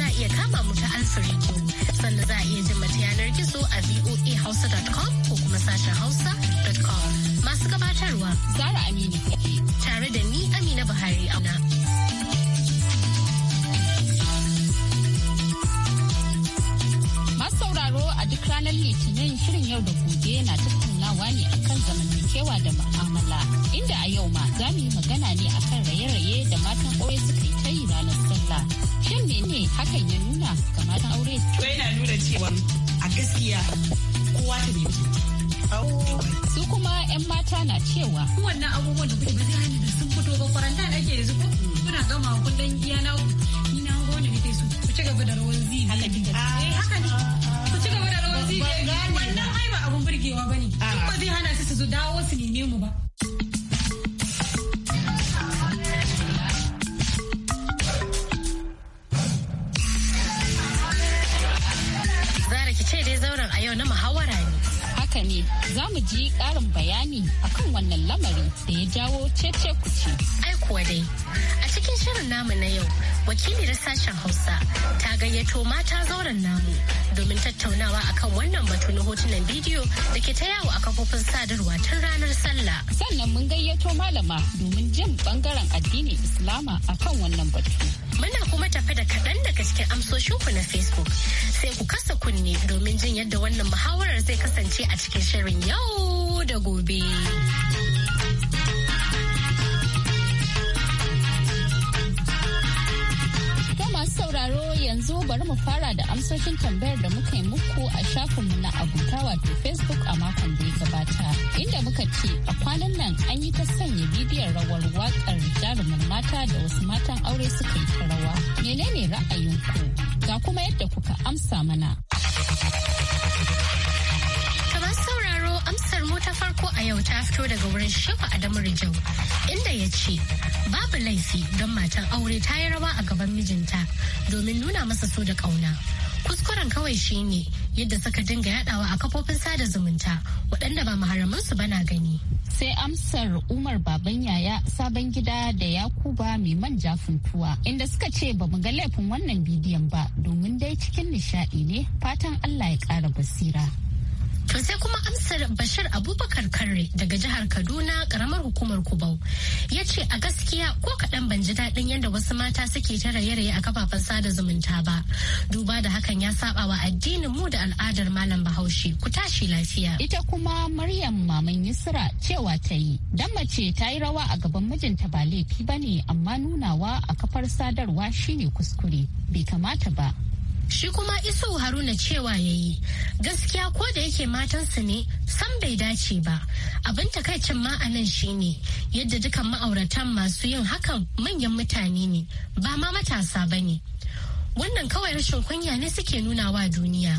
za a iya kama mu ta alfa rediyo sannan za a iya jin mata yanar gizo a voahausa.com ko kuma sashen hausa.com masu gabatarwa zara aminu tare da ni amina buhari a. a duk ranar litinin shirin yau da gobe na tattaunawa ne akan zamantakewa da mu'amala inda a yau ma za mu yi magana ne akan raye-raye da matan aure suka yi ta yi ranar sallah shin mene hakan ya nuna ga matan aure to yana nuna cewa a gaskiya kowa ta ne su kuma 'yan mata na cewa wannan abubuwan da kuke ba zai hana da sun fito ba faranta da ake yanzu kuna gama kun dan iya na ku ni na gona nake so ku ci gaba da rawan zi haka ne wannan ba abun burgewa bane duk ba zai hana su su dawo su neme mu ba Zara ki ce dai zauren a yau na muhawara ne. haka ne za mu ji ƙarin bayani akan wannan lamari da ya jawo cece kuce. Ai kuwa dai, a cikin shirin namu na yau wakilin sashen hausa ta gayyato mata zauren namu domin tattaunawa akan wannan batu na hotunan bidiyo da ke ta yawo a kafofin sadarwa tun ranar sallah sannan mun gayyato malama domin jin bangaren addinin islama akan wannan batu muna kuma tafi da kaɗan daga cikin amsoshinku na facebook sai ku kasa kunne domin jin yadda wannan muhawarar zai kasance a cikin shirin yau da gobe. yanzu bari mu fara da amsoshin tambayar da muka yi muku a shafin shafinmu na abuta wato Facebook a makon da ya gabata. Inda muka ce a kwanan nan an yi ta sanya bidiyon rawar wakar jarumin mata da wasu matan aure suka yi ta rawa. Menene ra'ayinku? Ga kuma yadda kuka amsa mana. amsar mu ta farko a yau ta fito daga wurin Shehu Adamu Rijau inda ya ce babu laifi don matan aure ta yi rawa a gaban mijinta domin nuna masa so da kauna. Kuskuren kawai shine yadda suka dinga yadawa a kafofin sada zumunta waɗanda ba su bana gani. sai amsar umar baban yaya sabon gida da yakuba mai manja funtuwa inda suka ce ba mu ga laifin wannan bidiyon ba domin dai cikin nishaɗi ne fatan allah ya ƙara basira To sai kuma amsar Bashir Abubakar Karre daga jihar Kaduna karamar hukumar Kubau. Ya ce a gaskiya ko kaɗan ban ji daɗin yadda wasu mata suke ta raye-raye a kafafen sada zumunta ba. Duba da hakan ya saba wa addinin mu da al'adar malam Bahaushe ku tashi lafiya. Ita kuma Maryam Maman Yusra cewa ta yi. Dan mace ta yi rawa a gaban mijinta ba laifi ba ne amma nunawa a kafar sadarwa shine kuskure. Bai kamata ba. shi kuma iso haruna cewa ya yi gaskiya ko da yake matansa ne sam bai dace ba abin takaicin ma'anan shi ne shine yadda dukan ma'auratan masu yin hakan manyan mutane ne ba ma matasa ba ne wannan kawai rashin kunya ne suke nuna wa duniya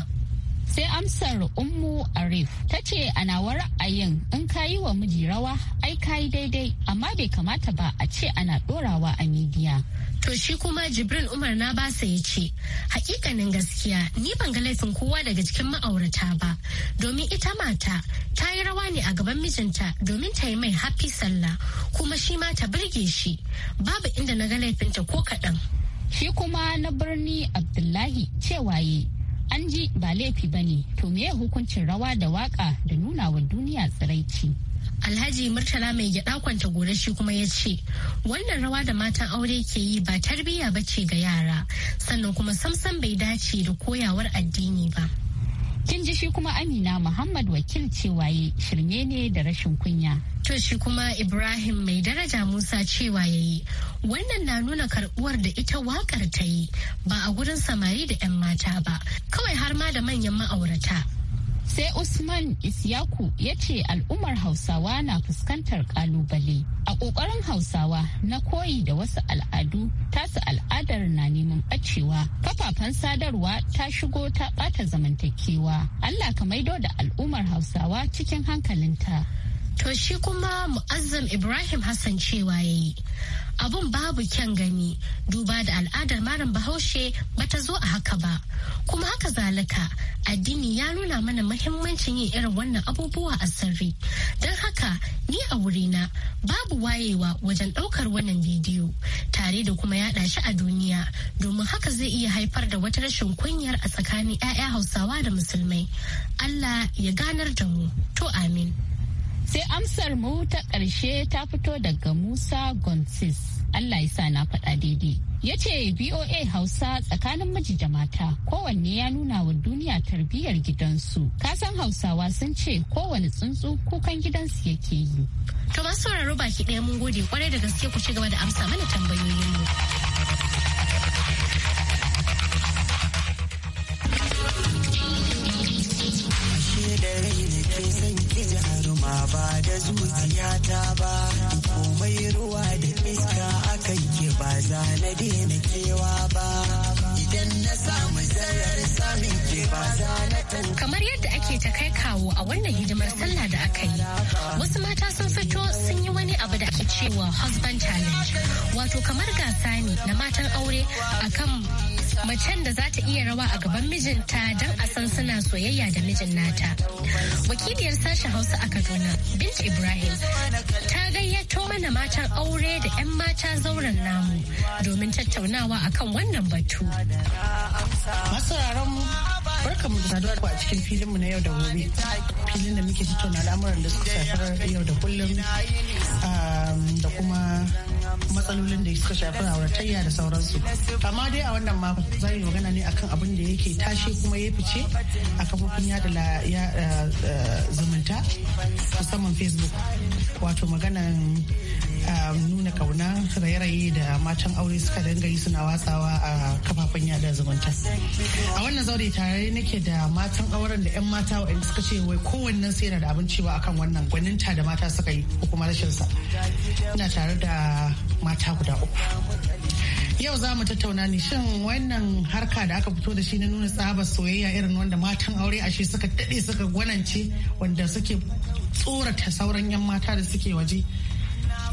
sai amsar ummu arif ta ce a ra'ayin in kayi wa miji rawa ai ka yi daidai amma bai kamata ba a ce ana dorawa a midiya To shi kuma Jibrin Umar na basa ya ce, hakikanin gaskiya ni ban ga laifin kowa daga cikin ma'aurata ba, domin ita mata ta yi rawa ne a gaban mijinta domin ta yi mai hafi sallah kuma shi ma ta birge shi, babu inda na ga laifinta ko kaɗan. Shi kuma na birni Abdullahi cewaye an ji ba laifi ba ne to meye hukuncin rawa da waka da nuna wa duniya tsiraici Alhaji Murtala mai gyada kwanta gore shi kuma ya ce wannan rawa da matan aure ke yi ba tarbiyya ba ce ga yara sannan kuma samsam bai dace da koyawar addini ba. kin ji shi kuma amina muhammad wakil cewa yi shirme ne da rashin kunya to shi kuma ibrahim mai daraja musa cewa ya yi wannan na nuna karbuwar da ita wakar ta yi ba a gurin samari da 'yan mata ba kawai har ma da manyan ma'aurata sai usman isyaku ya ce al'ummar hausawa na fuskantar kalubale a ƙoƙarin hausawa na koyi da wasu al'adu tasu al'adar na neman ɓacewa kafafen sadarwa ta shigo ta ɓata zamantakewa allah ka maido da al'ummar hausawa cikin hankalinta To shi kuma Mu'azzam Ibrahim Hassan cewa ya yi. Abun babu kyan gani duba da al'adar malam bahaushe bata zo a haka ba. Kuma haka zalika addini ya nuna mana mahimmancin yin irin wannan abubuwa a sirri. Don haka ni a wurina babu wayewa wajen ɗaukar wannan bidiyo tare da kuma yaɗa shi a duniya domin haka zai iya haifar da wata rashin kunyar a tsakanin 'ya'ya hausawa da musulmai. Allah ya ganar da mu. To amin. Sai amsar mu ta ƙarshe ta fito daga Musa Gonsis. Allah ya sa na faɗa daidai. Ya ce BOA Hausa tsakanin miji da mata kowanne ya nuna wa duniya tarbiyyar gidansu. Kasan Hausawa sun ce kowane tsuntsu kukan gidansu yake yi. To masu sauraro baki ɗaya mun gode kwarai da gaske ku ci gaba da amsa mana tambayoyin da rai da ke son ki ji amma ba da zuciyata ba komai ruwa da iska akan ke ba za na daina kewa ba idan na samu zarar samun ke ba za na kamar yadda ake ta kai kawo a wannan hidimar sallah da aka yi wasu mata sun fito sun yi wani abu da ake cewa husband challenge wato kamar gasa ne na matan aure akan macen da za ta iya rawa a gaban mijinta don a san suna soyayya da mijin nata. Wakiliyar sashen Hausa a Kaduna, Bint Ibrahim, ta gayyato mana matan aure da 'yan mata zauren namu domin tattaunawa akan wannan batu. Masu barka mu da saduwa a cikin filinmu mu na yau da gobe filin da muke tattauna al'amuran da suka shafar yau da kullum da kuma matsalolin da suka shafi auratayya da sauransu amma dai a wannan mako za yi magana ne akan abin da yake tashi kuma ya fice a kafofin yada eh, eh, zumunta musamman facebook wato maganan Um, nuna kauna raye-raye da matan aure suka danga yi suna watsawa a kafafen yada zumunta a wannan zaure tare nake da matan auren da 'yan mata waɗanda suka ce wai kowanne sai yana da abinci cewa akan wannan gwaninta da mata suka yi ko kuma rashin sa ina tare da mata guda uku yau za mu tattauna ne shin wannan harka da aka fito da shi na nuna tsabar soyayya irin wanda matan aure a shi suka daɗe suka gwanance wanda suke tsorata sauran 'yan mata da suke waje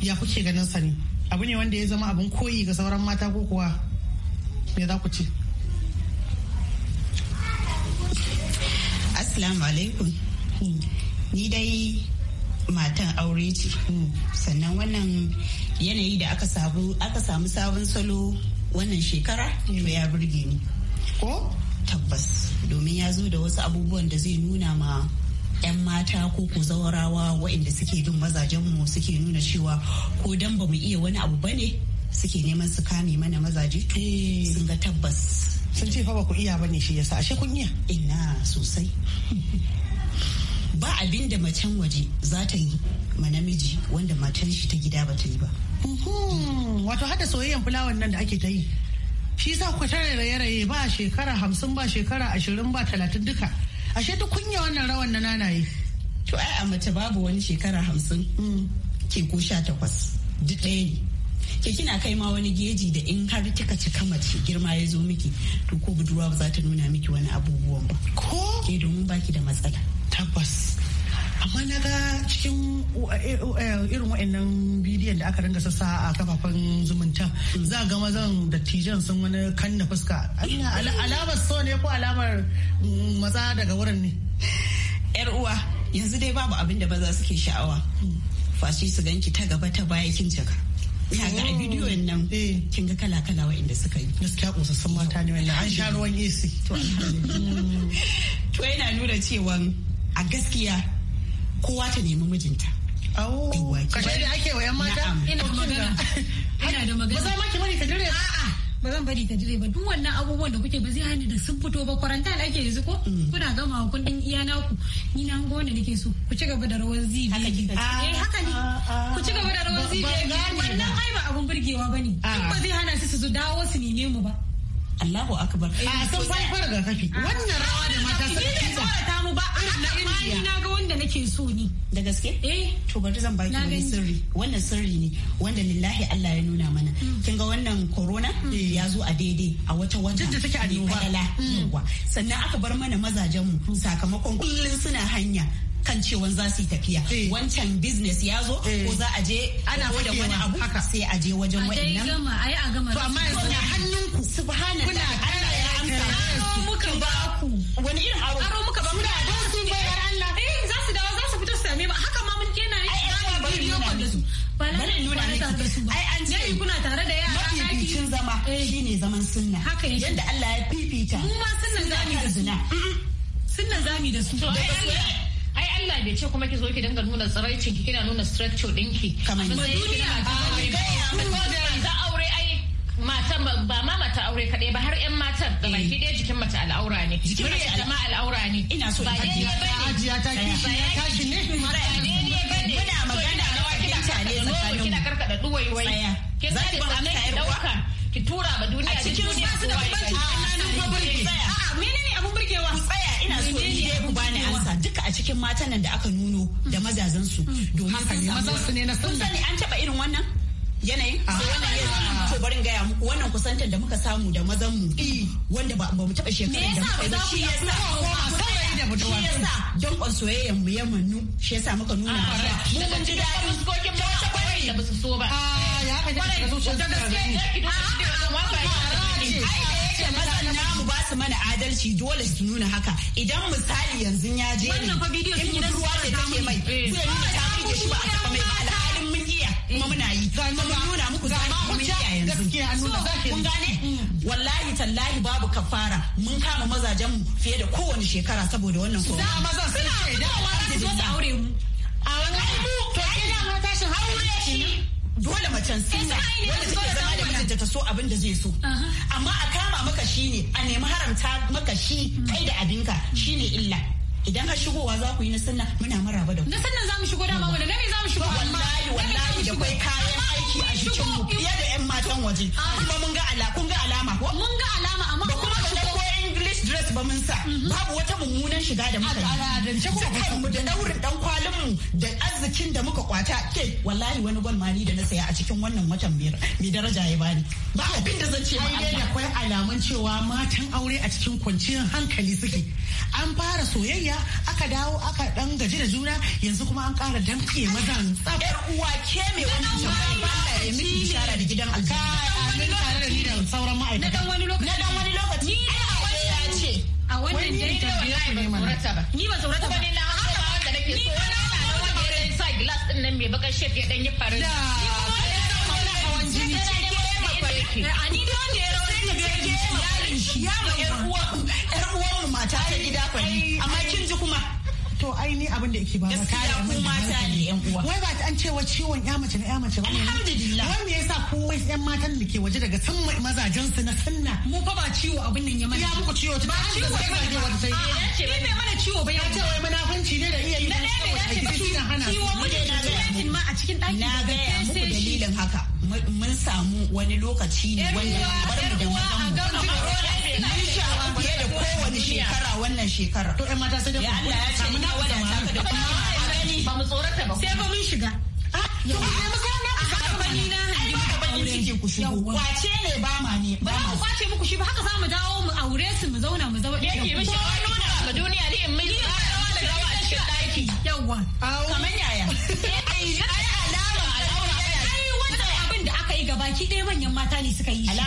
ya kuke ganin sa ne abu ne wanda ya zama abin koyi ga sauran mata ko kuwa me za ku ce assalamu alaikum hmm. ni dai matan aure ce hmm. sannan wannan yanayi da aka samu sabon salo wannan shekara to hmm. ya burge ni ko tabbas domin ya zo da wasu abubuwan da zai nuna ma 'yan mata ko ku zaurawa waɗanda suke bin mazajenmu suke nuna cewa ko dan ba mu iya wani abu ba ne suke neman su kame mana mazaje to eh. sun ga tabbas sun ce fa ba ku iya ba ne shi yasa ashe kun iya ina sosai ba abin da macen waje za ta yi ma namiji wanda matan shi ta gida ba ta yi ba wato hada soyayyen fulawan nan da ake ta yi shi sa ku tare raye-raye ba shekara hamsin ba shekara ashirin ba talatin duka ashe ta kunya wannan rawan na nanaye to ai a mace babu wani shekara hamsin mm. ke ko sha takwas duk ɗaya ne ke kina kai ma wani geji da in har kika cika mace girma ya zo miki to ko budurwa ba za ta nuna miki wani abubuwan ba ko ke domin baki da matsala tabbas amma na ga cikin eh, eh, eh, irin waɗannan bidiyon da aka ringa sassa a kafafen zumunta za ga mazan dattijan sun wani kan na fuska alamar so ne ko alamar mm, maza daga wurin ne yar uwa yanzu dai babu abin da maza suke sha'awa fashi su ganki ta gaba ta baya kin jaka ga a bidiyon nan eh. kin ga kala kala wa'inda suka yi gaskiya kosassun mata ne wannan an sha ruwan AC to yana nuna cewa a gaskiya kowa ta nemi mijinta Oh, kashe da ake wa 'yan mata? Ina magana. Ina da magana. Ba za ma ki bari ta dire? A'a. ba zan bari ta jire ba duk wannan abubuwan da kuke ba zai hani da sun fito ba kwaranta da ake yanzu ko mm. kuna gama kun din iya naku ni na hango wanda nake so ku ci gaba da rawar zibi eh haka ne ku ci gaba da rawar zibi wannan ai ba abun burgewa bane duk ba zai hana su su dawo su neme mu ba Allahu akbar. Eh, a ah, sun fara ga ah. Wannan rawa da mata sun yi. Ni ta mu ba An na na ga wanda nake so ni. Da gaske? Eh. To bari zan baki wani sirri. Wannan sirri ne wanda lillahi Allah ya nuna mana. Hmm. Kin ga wannan corona hmm. eh, ya zo a daidai a wata wata. Jidda take a hmm. Sannan aka bar mana mazajen mu sakamakon kullun suna hanya kan cewa za su yi tafiya eh. wancan business ya zo eh. ko za a je ana da wani abu sai a je wajen wa'annan to amma yanzu na hannunku subhanallah kuna Allah ya amsa aro muka ba ku wani irin aro aro muka ba ku da don su bayar Allah eh za su dawo za su fito su same ba haka ma mun kena yi bidiyo da su bari nuna ba ai an ce yayi kuna tare da yara mafificin zama eh. shine zaman sunna haka yake yanda Allah ya fifita mu ma sunna zamu da zina sunna zamu da su ai Allah bai ce kuma ki zo ki dinga nuna tsiraicin ki kina nuna structure dinki kamar duniya ta aure ai matan ba ma mata aure kaɗai ba har 'yan matan da eh. baki ɗaya jikin mata al'aura ne jikin mace al'ama al'aura ne ina so in hajiya ta hajiya eh. ta kishi ya tashi ne ba daidai ba ne muna magana na wakilta ne tsakanin mu kina karkada duwaiwai kin ga da tsanai ki dauka ki tura ba duniya a cikin duniya su da banci kananan ko burge a'a menene abun burgewa ku tsaya ina so ni dai ku bani ansa duka a cikin matan nan da aka nuno da mm. mazazan su mm. domin mazan su ne na sun sani an taba irin wannan yanayin ah. wannan yanayin to barin gaya muku wannan kusantar da muka samu da mazan mu e. wanda ba mu taba shekaru da muka yi shi yasa shi yasa don soyayyen mu ya mannu shi yasa muka nuna ah, mu mun ji dadin fuskokin mu kai da basu so ba ah, ya ka daga zuciyar da gaske masana mu ba su mana adalci dole su nuna haka idan misali yanzu ya je ne in budurwa ce take mai zai nuna eh. ta fi shi ba a taba mai ba alhalin mun iya kuma muna yi eh. kuma mun nuna muku zai mun iya yanzu kun gane mm. wallahi tallahi babu kafara mun kama mazajen mu fiye da kowane shekara saboda wannan kuma maza suna da wa za su aure mu A wallahi mu to ina ma tashin aure shi. Dole macen sunna take zama da mijinta ta so abin da zai so. Amma a kama maka shi ne a nemi haramta maka shi kai da abinka shi ne illa. Idan har shigowa za ku yi na sannan muna maraba da ku. Na sannan za mu shigo dama wanda na me za mu shigo wallahi wallahi da kai kayan aiki a jikin mu fiye da yan matan waje. Kuma mun ga ala kun ga alama Mun ga alama amma kuma ba english dress ba mun sa babu wata mummunan shiga da muka yi mu da daurin dan kwalin mu da arzikin da muka kwata ke wallahi wani gwal mani da na saya a cikin wannan watan biyar mai daraja ya bani ba abin da zan ce ba ai da akwai alamun cewa matan aure a cikin kwanciyar hankali suke an fara soyayya aka dawo aka dan gaji da juna yanzu kuma an kara danke mazan tsaf yar uwa ke me wannan ba ta yi miki da gidan aljanna tare da ni da ma'aikata na dan wani lokaci a wannan dai da wallahi ban tsorata ba ni ba tsorata ba ni na haka wanda nake so wani wanda ya sa gilas din nan mai bakar shef ya dan yi farin da hawan jini ce ani da wani ya rawar da ya ya ma yar uwa mata ta gida fa amma kin ji kuma to aini abin da yake ba ba kare mu mata ne yan uwa wai ba an cewa ciwon ya mace na ya mace ba ne alhamdulillah wai me yasa ko wai yan matan da ke waje daga san mazajen su na sanna mu fa ba ciwo abin nan ya mana ya muku ciwo ba ciwo ba ne wata sai ne ne bai mana ciwo ba ya ce wai munafunci ne da iya yi na ne bai dace ba ciwon hana ciwo mu ne na ma a cikin daki na ga muku dalilin haka mun samu wani lokaci ne wanda bar mu da matan mu fiye da kowane shekara wannan shekara. To ƴan mata sai da ku. Ya Allah ya ce ina wadata ka da kuma gani. Ba mu tsorata ba. Sai ba mun shiga. Ah, to ai mu ga na ka ba ni na hanji ka bakin Kwace ne ba ma ne. Ba mu kwace muku shi ba haka za mu dawo mu aure su mu zauna mu zama. Yake mishi wani nuna ga duniya ne in mun yi rawa da rawa cikin ɗaki. Yawwa. Kamar yaya. Ai alama al'aura baki ɗaya manyan mata ne suka yi shi eh,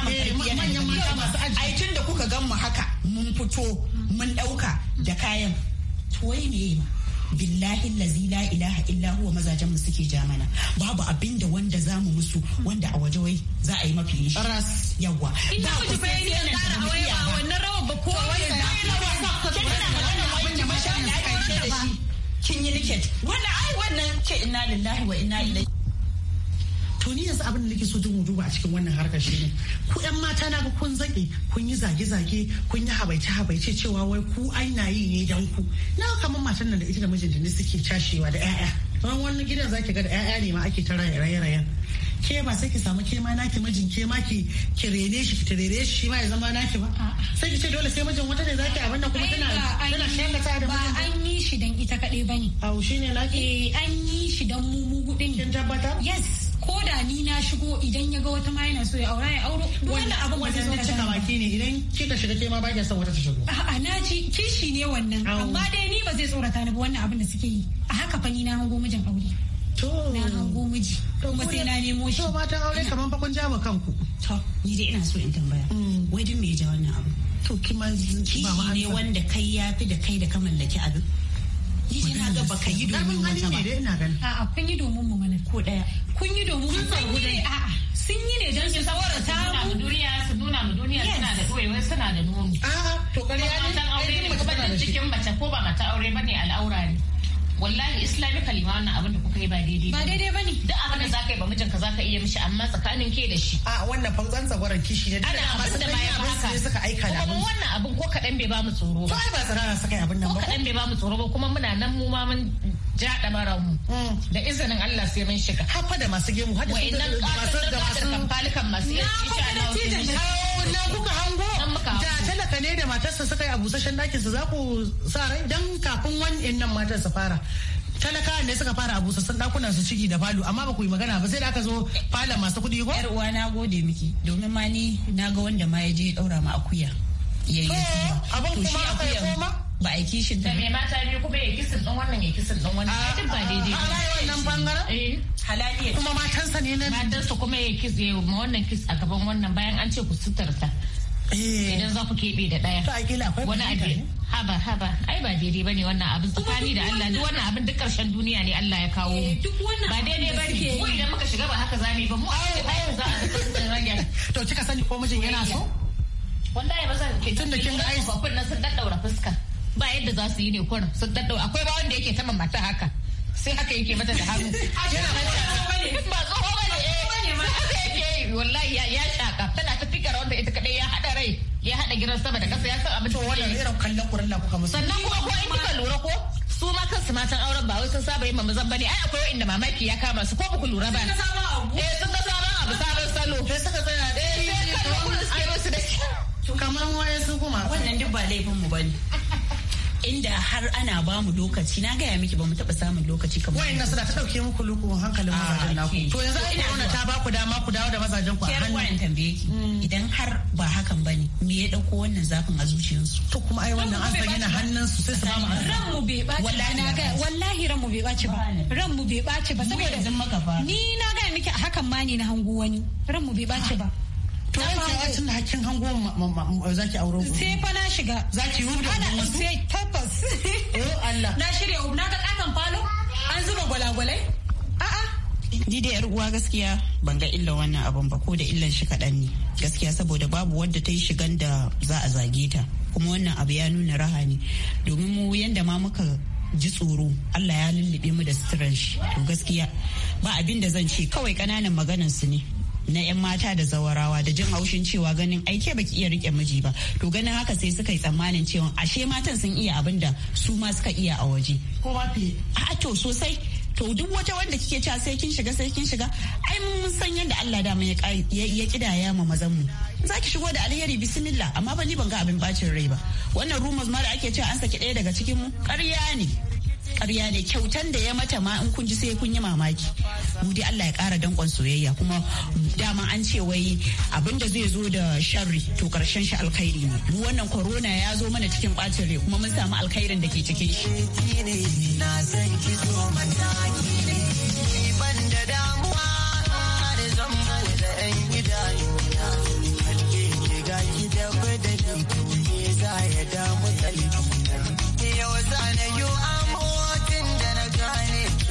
tun da kuka gan mu haka mun fito mun ɗauka da kayan tuwai me ma billahi lazi la ilaha illa huwa mazajen mu suke jamana. babu abin da wanda za mu musu wanda a waje wai za a yi mafi shi ras yawa inda ku ji bayani da tsara aure ba wannan rawa ba ko wani kin da da shi kin yi liket wannan ai wannan ce inna lillahi wa inna ilaihi to ni yanzu abin da nake so jin duba a cikin wannan harkar shi ne ku yan mata na ga kun zaki kun yi zage-zage kun yi habaice-habaice cewa wai ku aina yi ne dan ku na kamar matan nan da ita da mijinta ne suke cashewa da 'ya'ya don wannan gidan zaki ga da 'ya'ya ne ma ake ta raye raye ke ba sai ki samu ke ma naki mijin ke ma ki ki rene shi ki rene shi ma ya zama naki ba sai ki ce dole sai mijin wata ne zaki abin nan kuma tana tana shakata da mijin ba an yi shi dan ita kadai bane au shine naki eh an yi shi dan mu mu gudin kin tabbata yes ko da ni na shigo idan ya ga wata ma yana so ya aura ya auro wannan abin ba zai zo ka cika baki ne idan kika shiga ke ma ba ki son wata ta shigo a'a na ji kishi ne wannan amma dai ni ba zai tsorata ni ba wannan abin da suke yi a haka fa ni na hango mijin aure to na hango miji ba sai na nemo shi to mata aure kaman fa kun ma kanku to ni dai ina so in tambaya mm. wai din me ya ja wannan abu to kima ba ne wanda kai yafi da kai da ka mallaki abin yi na ga baka yi domin wata ba a'a kun yi domin mu mana ko daya kun yi domin mu samu dai a'a sun yi ne don su saboda ta mu duniya su nuna mu duniya suna da koyewa suna da nono a'a to kariya ne matan aure ne kuma cikin mace ko ba mata aure ba bane al'aura ne wallahi islami kalima wannan abin da kuka yi ba daidai ba daidai ba ne duk abin da za ka yi ba mijinka za ka iya mishi amma tsakanin ke da shi a wannan fantsan tsagwaron kishi ne ana abin da ma ya haka suka aika da kuma wannan abin ko kaɗan bai ba mu tsoro ba Ko ai ba tsarara suka yi abin nan ba ko kaɗan bai ba mu tsoro ba kuma muna nan mu ma mun ja ɗamaran mu mm. da izinin Allah sai mun shiga hafa da masu gemu hada su da masu da masu kamfalikan masu yanci ta na na kuka hango da talaka ne da matarsa suka yi a busashen ɗakin su za ku sa rai dan kafin wani nan matar su fara talaka ne suka fara abu sassan dakuna su ciki da falo amma ba ku yi magana ba sai da aka zo falon masu kuɗi ko yar uwa na gode miki domin ma ni na ga wanda ma ya je ya daura ma akuya yayi abin kuma akuya yi ba a yi shi da me mata biyu kuma ya kisin ɗan wannan ya kisin ɗan wannan ai ah, duk ba daidai ba ah, ai wannan bangaren eh halali kuma matansa ne na matansa kuma ya kis ya ma wannan kis a gaban wannan bayan an ce ku sutarta eh. idan za ku keɓe da ɗaya wani abu haba haba ai ba daidai ba ne wannan abin tsakani da Allah duk wannan abin duk karshen duniya ne Allah ya kawo mu eh, ba daidai ba ne mu idan muka shiga ba haka za mu yi ba mu ai za a to kika sani ko mijin yana so wallahi ba zan ke tun da kin ga ai babban nan sun daddaura fuska ba yadda za su yi ne kurin sun daddau akwai ba wanda yake ta mamata haka sai haka yake mata da hannu yana mata ba tsoho ba eh haka yake wallahi ya shaka tana ta fikar wanda ita kadai ya hada rai ya hada gidan sama da kasa ya san abin to wannan irin kallon kurin da kuka musu sannan kuma ko in kika lura ko su ma kansu matan auren ba wai sun saba yin mamazan bane ai akwai wanda mamaki ya kama su ko ba ku lura ba eh sun ga sabon abu sabon salo sai suka tsaya eh sai kallon kamar wani su kuma wannan duk ba laifin mu bane inda har ana ba mu lokaci na gaya miki ba mu taɓa samun lokaci kamar wayan nan suna ta dauke muku luku hankalin ah, mazajen naku to yanzu ai corona ta ba ku dama ku dawo da mazajen ku a hannu kiyar tambaye ki mm. idan har ba hakan bane me ya dauko wannan zafin a zuciyarsu to kuma ai wannan an na hannun su sai su ba mu ran mu bai ɓaci na ga wallahi ran mu bai ɓaci ba ran mu bai ɓaci ba saboda ni na ga miki hakan ma ne na hango wani ran mu bai ɓaci ba to ai tun da hakkin hango zaki auro sai fa na shiga Za ki yi da ana sai tabbas oh Allah na shirya na ga kakan falo an zuba gwalagwalai a'a ni da yar uwa gaskiya ban ga illa wannan abun ba ko da illan shi kaɗan ne gaskiya saboda babu wadda ta yi shigan da za a zage ta kuma wannan abu ya nuna raha ne domin mu yanda ma muka ji tsoro Allah ya lullube mu da suturan shi to gaskiya ba abin da zan ce kawai kananan maganan su ne na 'yan mata da zawarawa da jin haushin cewa ganin aike baki iya rike miji ba to ganin haka sai suka yi tsammanin cewa ashe matan sun iya abin da su ma suka iya a waje ko ba fi a to sosai to duk wata wanda kike cewa sai kin shiga sai kin shiga ai mun san yadda Allah da ya ya kidaya ma mazan mu za ki shigo da alheri bismillah amma ba ni ban ga abin bacin rai ba wannan rumors ma da ake cewa an saki ɗaya daga cikin mu ƙarya ne ƙarya ne kyautan da ya mata ma in kun ji sai kun yi mamaki mu dai Allah ya ƙara dankon soyayya kuma dama an ce wai abin da zai zo da sharri to karshen shi alkhairi ne wannan corona ya zo mana cikin ɓacin rai kuma mun samu alkhairin da ke cikin shi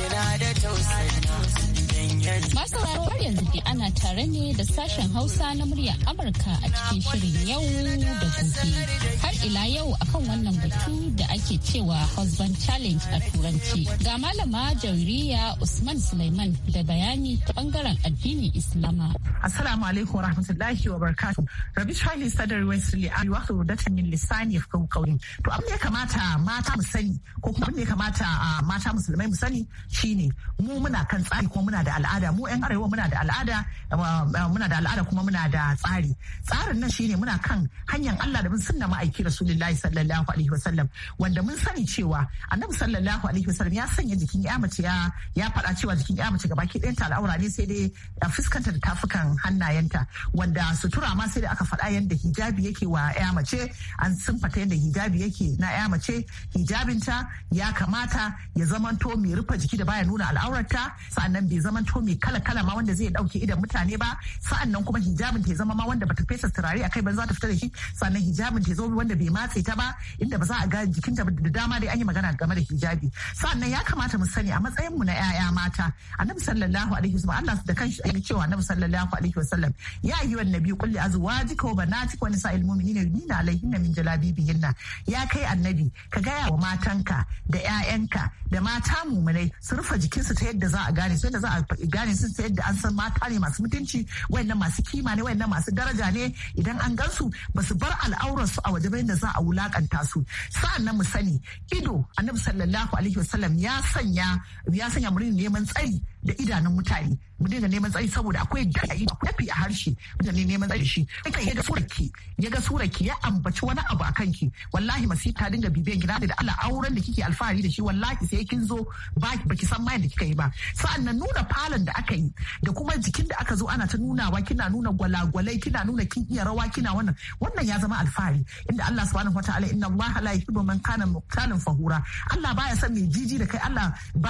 kina da tausayi Masu har yanzu dai ana tare ne da sashen Hausa na muryar Amurka a cikin shirin yau da gobe. Har ila yau akan wannan batu da ake cewa husband challenge a turanci. Ga malama Jauriya Usman Sulaiman da bayani ta bangaren addinin Islama. Assalamu alaikum wa rahmatullahi wa barakatuh. Rabi Charlie Sadar Wesley a wato datan min lisani ya kawo kauri. To abin ya kamata mata mu sani ko kuma abin ya kamata ah, mata musulmai mu sani shine mu muna kan tsari ko muna da da al'ada mu 'yan arewa muna da al'ada muna da al'ada kuma muna da tsari tsarin nan shine muna kan hanyar Allah da mun sunna ma'aiki rasulullahi sallallahu alaihi wasallam wanda mun sani cewa annabi sallallahu alaihi wasallam ya sanya jikin ya mace ya ya faɗa cewa jikin ya mace gabaki ɗayan ta al'aura ne sai dai fuskanta da tafukan hannayenta wanda sutura ma sai da aka faɗa yadda hijabi yake wa ya mace an fata yadda hijabi yake na ya mace hijabinta ya kamata ya zamanto mai rufe jiki da baya nuna al'aurarta sannan bai zama zamanto mai kala kala ma wanda zai dauke idan mutane ba sa'an nan kuma hijabin ta zama ma wanda bata fesa turare akai ba za ta fita da shi sannan hijabin ta zo wanda bai matse ta ba inda ba za a ga jikinta da dama dai an yi magana game da hijabi nan ya kamata mu sani a matsayin mu na yaya mata annabi sallallahu alaihi wasallam Allah da kanshi ya cewa annabi sallallahu alaihi wasallam ya ayyuhan nabi kulli azwajika wa banatika wa nisa'il mu'minina yudnina alaihinna min jalabibihinna ya kai annabi ka gaya wa matanka da 'ya'yanka da mata mumunai su rufe jikinsu ta yadda za a gane su yadda za a gane su ta yadda an san mata ne masu mutunci wayannan masu kima ne wayannan masu daraja ne idan an gansu ba su bar al'aurar su a waje ba yadda za a wulakanta su sa'annan mu sani ido annabi sallallahu alaihi wasallam ya sanya ya sanya mu neman tsari da idanun mutane mu dinga neman tsayi saboda akwai yi da kwafi a harshe mutane neman tsayi shi kai ya ga suraki ya ga suraki ya ambaci wani abu a kanki wallahi masita dinga bibiyan gida da Allah auren da kike alfahari da shi wallahi sai kin zo ba baki san mai da kika yi ba sa'annan nuna falon da aka yi da kuma jikin da aka zo ana ta nunawa kina nuna gwalagwalai kina nuna kin iya rawa kina wannan wannan ya zama alfahari inda Allah subhanahu wataala inna Allah la yuhibbu man kana muktalan fahura Allah baya son mai jiji da kai Allah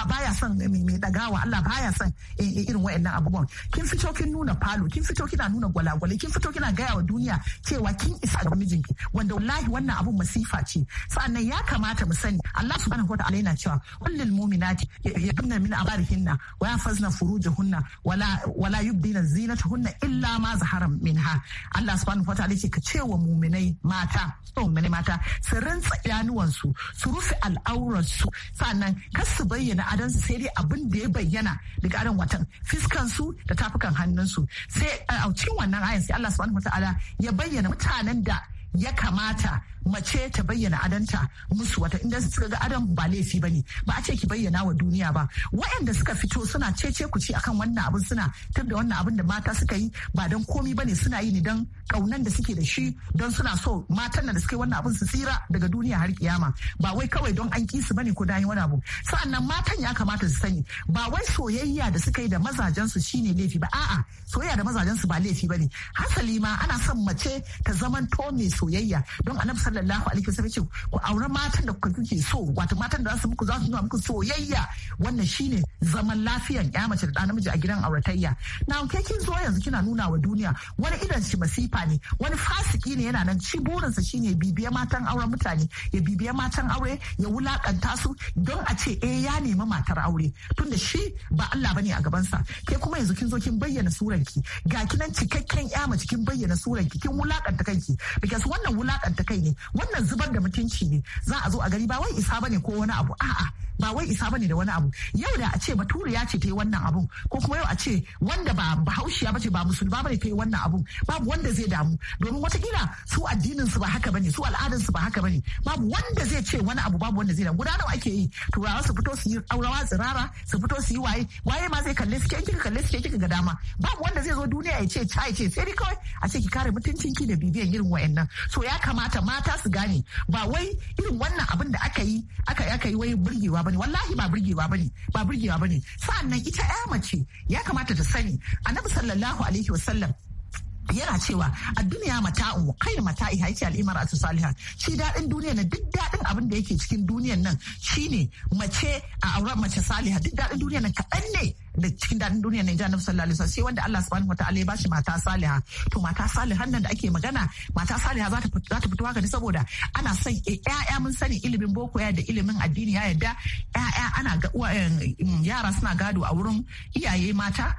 baya son mai dagawa Allah baya baya son eh, eh, irin wayannan abubuwan kin fito kin nuna falo kin fito kina nuna gwalagwale kin fito kina gaya wa duniya cewa kin isa ga mijinki wanda wallahi wannan abun masifa ce sa'annan ya kamata mu sani Allah subhanahu wataala yana cewa kullul mu'minati yabna min abarihinna wa yafazna furujuhunna wala wala yubdina zinatuhunna illa ma zahara minha Allah subhanahu wataala yake cewa mu'minai mata to mene mata su rantsa idanuwansu su rufe al'auransu sa'annan kar su bayyana adansu sai dai abin da ya bayyana adon watan fiskansu da tafukan hannunsu sai a cikin wannan ayan sai Allah subhanahu wataala ya bayyana mutanen da ya kamata mace ta bayyana adanta musu wata inda suka ga adon ba laifi ba ne ba a ce ki bayyana wa duniya ba waɗanda suka fito suna cece ku ci akan wannan abin suna tab da wannan abin da mata suka yi ba don komi ba ne suna yi ni don kaunan da suke da shi don suna so matan da suka yi wannan abin su tsira daga duniya har kiyama ba wai kawai don an kisu ne ko dan wani abu sa'annan matan ya kamata su sani ba wai soyayya da suka yi da mazajensu su shine laifi ba a'a soyayya da mazajen su ba laifi ba ne hasali ma ana son mace ta zamanto mai soyayya don annabi sallallahu alaihi wasallam ce ku aure matan da kuke so wato matan da za su muku za su nuna muku soyayya wannan shine zaman lafiyan ya mace da namiji a gidan auratayya na ke kin zo yanzu kina nuna wa duniya wani idan shi masifa ne wani fasiki ne yana nan ci burinsa shine bibiya matan auren mutane ya bibiya matan aure ya wulakanta su don a ce eh ya nemi matar aure tunda shi ba Allah bane a gabansa ke kuma yanzu kin zo kin bayyana suranki ga kinan cikakken ya mace kin bayyana suranki kin wulakanta kanki because wannan wulakanta kai ne wannan zubar da mutunci ne za a zo a gari ba wai isa bane ko wani abu a'a ba wai isa bane da wani abu yau da a ce ce baturiya ce ta yi wannan abun ko kuma yau a ce wanda ba bahaushiya ba ce ba musulma ne ta yi wannan abun babu wanda zai damu domin watakila su addinin su ba haka bane su al'adar su ba haka bane babu wanda zai ce wani abu babu wanda zai damu guda nawa ake yi turawa su fito su yi aurawa tsirara su fito su yi waye waye ma zai kalle su ke kika kalle su ke kika ga dama babu wanda zai zo duniya ya ce ca ya ce sai dai kawai a ce ki kare mutuncin ki da bibiyan irin wayannan so ya kamata mata su gane ba wai irin wannan abin da aka yi aka aka yi wai burgewa bane wallahi ba burgewa bane ba burgewa ba ne sa'annan ita ya mace ya kamata ta sani annabi sallallahu alaihi wasallam yana cewa a duniya mata'un wa kai mata'i haiti al'imar a saliha shi daɗin duniya na duk daɗin abin da yake cikin duniyan nan shine mace a auren mace saliha duk daɗin duniya nan kaɗan ne da cikin daɗin duniya nan jihar sallallahu alaihi wasallam wanda Allah subhanahu wataala ya bashi mata saliha to mata saliha nan da ake magana mata saliha za ta fito haka ne saboda ana son ƴaƴa mun sani ilimin boko ya da ilimin addini ya yadda ƴaƴa ana eh, mm, yara suna gado a wurin iyaye mata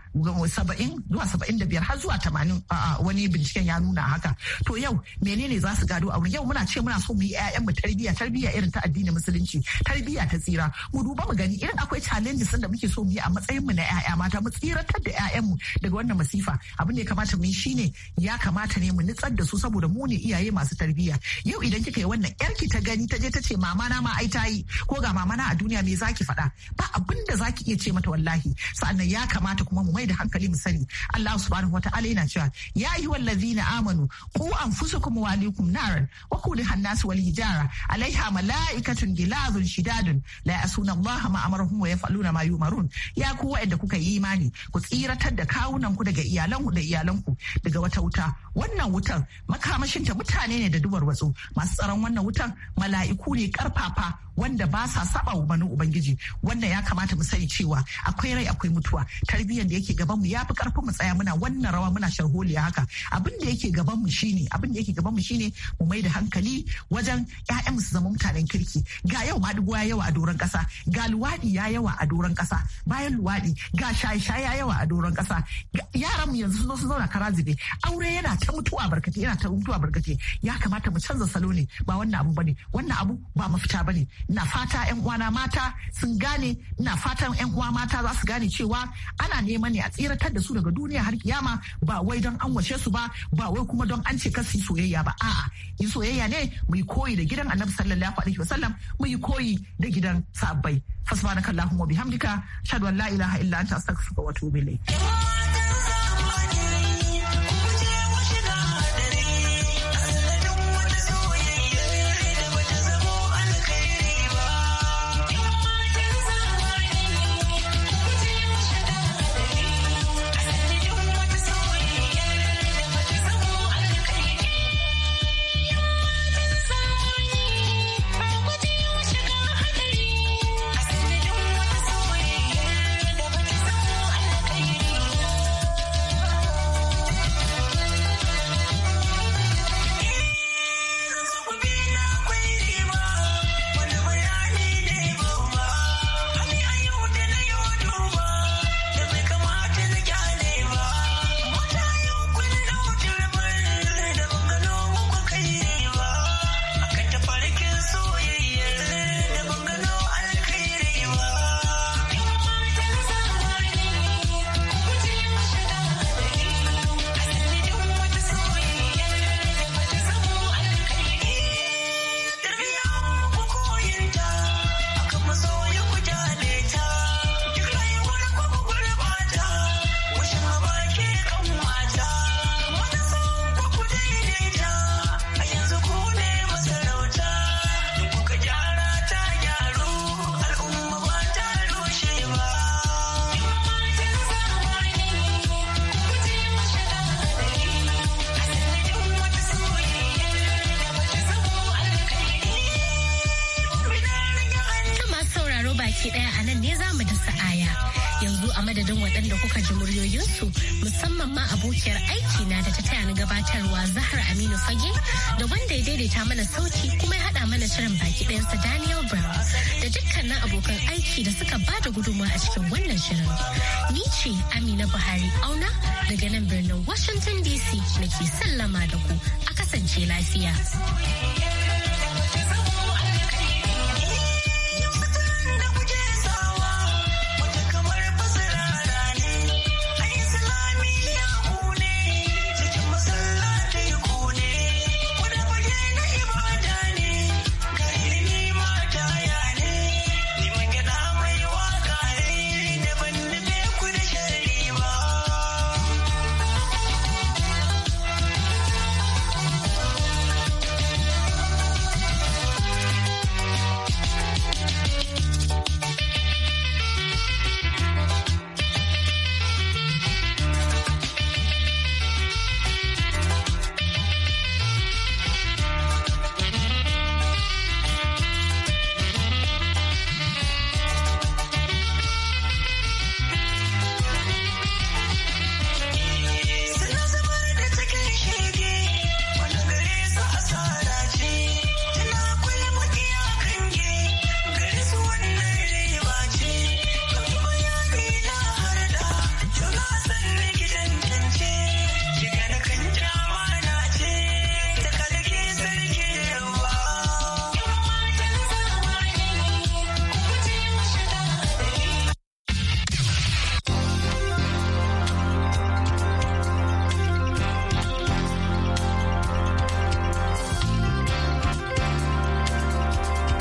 saba'in zuwa saba'in da biyar har zuwa tamanin wani binciken ya nuna haka to yau menene za su gado a wurin yau muna ce muna so mu yi ƴaƴan mu tarbiyya tarbiyya irin ta addini musulunci tarbiyya ta tsira mu duba mu gani irin akwai challenges da muke so mu yi a matsayin mu na na 'ya'ya mata mu tsiratar da 'ya'yanmu daga wannan masifa abin da ya kamata mu yi shine ya kamata ne mu nitsar da su saboda mu ne iyaye masu tarbiyya yau idan kika yi wannan yarki ta gani ta je ta ce mama na ma ai ta yi ko ga mama na a duniya me zaki faɗa ba abin da zaki iya ce mata wallahi sa'annan ya kamata kuma mu mai da hankali mu sani Allah subhanahu wataala yana cewa ya yi wallazina amanu ku anfusukum wa alaikum naran wa qudha an-nas wal hijara alaiha mala'ikatun gilazun shidadun la yasuna Allah ma ya wa yaf'aluna ma yumarun ya ku wa'anda da kuka yi imani ku tsiratar da kawunan ku daga iyalanku da iyalanku daga wata wuta wannan wutan makamashinta mutane ne da duwar watsu masu tsaron wannan wutan mala'iku ne karfafa wanda ba sa saba umarnin ubangiji wannan ya kamata mu sani cewa akwai rai akwai mutuwa tarbiyyar da yake gaban mu ya fi karfin mu tsaya muna wannan rawa muna sharholiya haka abin da yake gaban mu shine abin da yake gaban mu shine mu mai da hankali wajen ƴaƴan su zama mutanen kirki ga yau ma ya yawa a doron kasa ga luwaɗi ya yawa a doron kasa bayan luwaɗi ga shaye-shaye yawa a doron kasa yaran mu yanzu sun zauna kara zube aure yana ta mutuwa barkate yana ta mutuwa barkate ya kamata mu canza salo ne ba wannan abu bane wannan abu ba mafita bane ina fata yan uwana mata sun gane ina fata yan uwa mata za su gane cewa ana neman ne a tsiratar da su daga duniya har kiyama ba wai don an washe su ba ba wai kuma don an ce ka suyi soyayya ba a'a in soyayya ne mu yi koyi da gidan annabi sallallahu alaihi wasallam mu yi koyi da gidan sabbai fasbanakallahumma bihamdika shadu an la ilaha illa anta astaghfiruka wa atubu ilayk musamman ma abokiyar aiki na da ta taya ni gabatarwa Zahra Aminu Fage da wanda ya daidaita mana sauti kuma ya hada mana shirin baki ɗayansa Daniel Brown da dukkanin abokan aiki da suka ba da gudunmawa a cikin wannan shirin. Ni ce Amina Buhari Auna daga nan birnin Washington DC nake sallama da ku a kasance lafiya.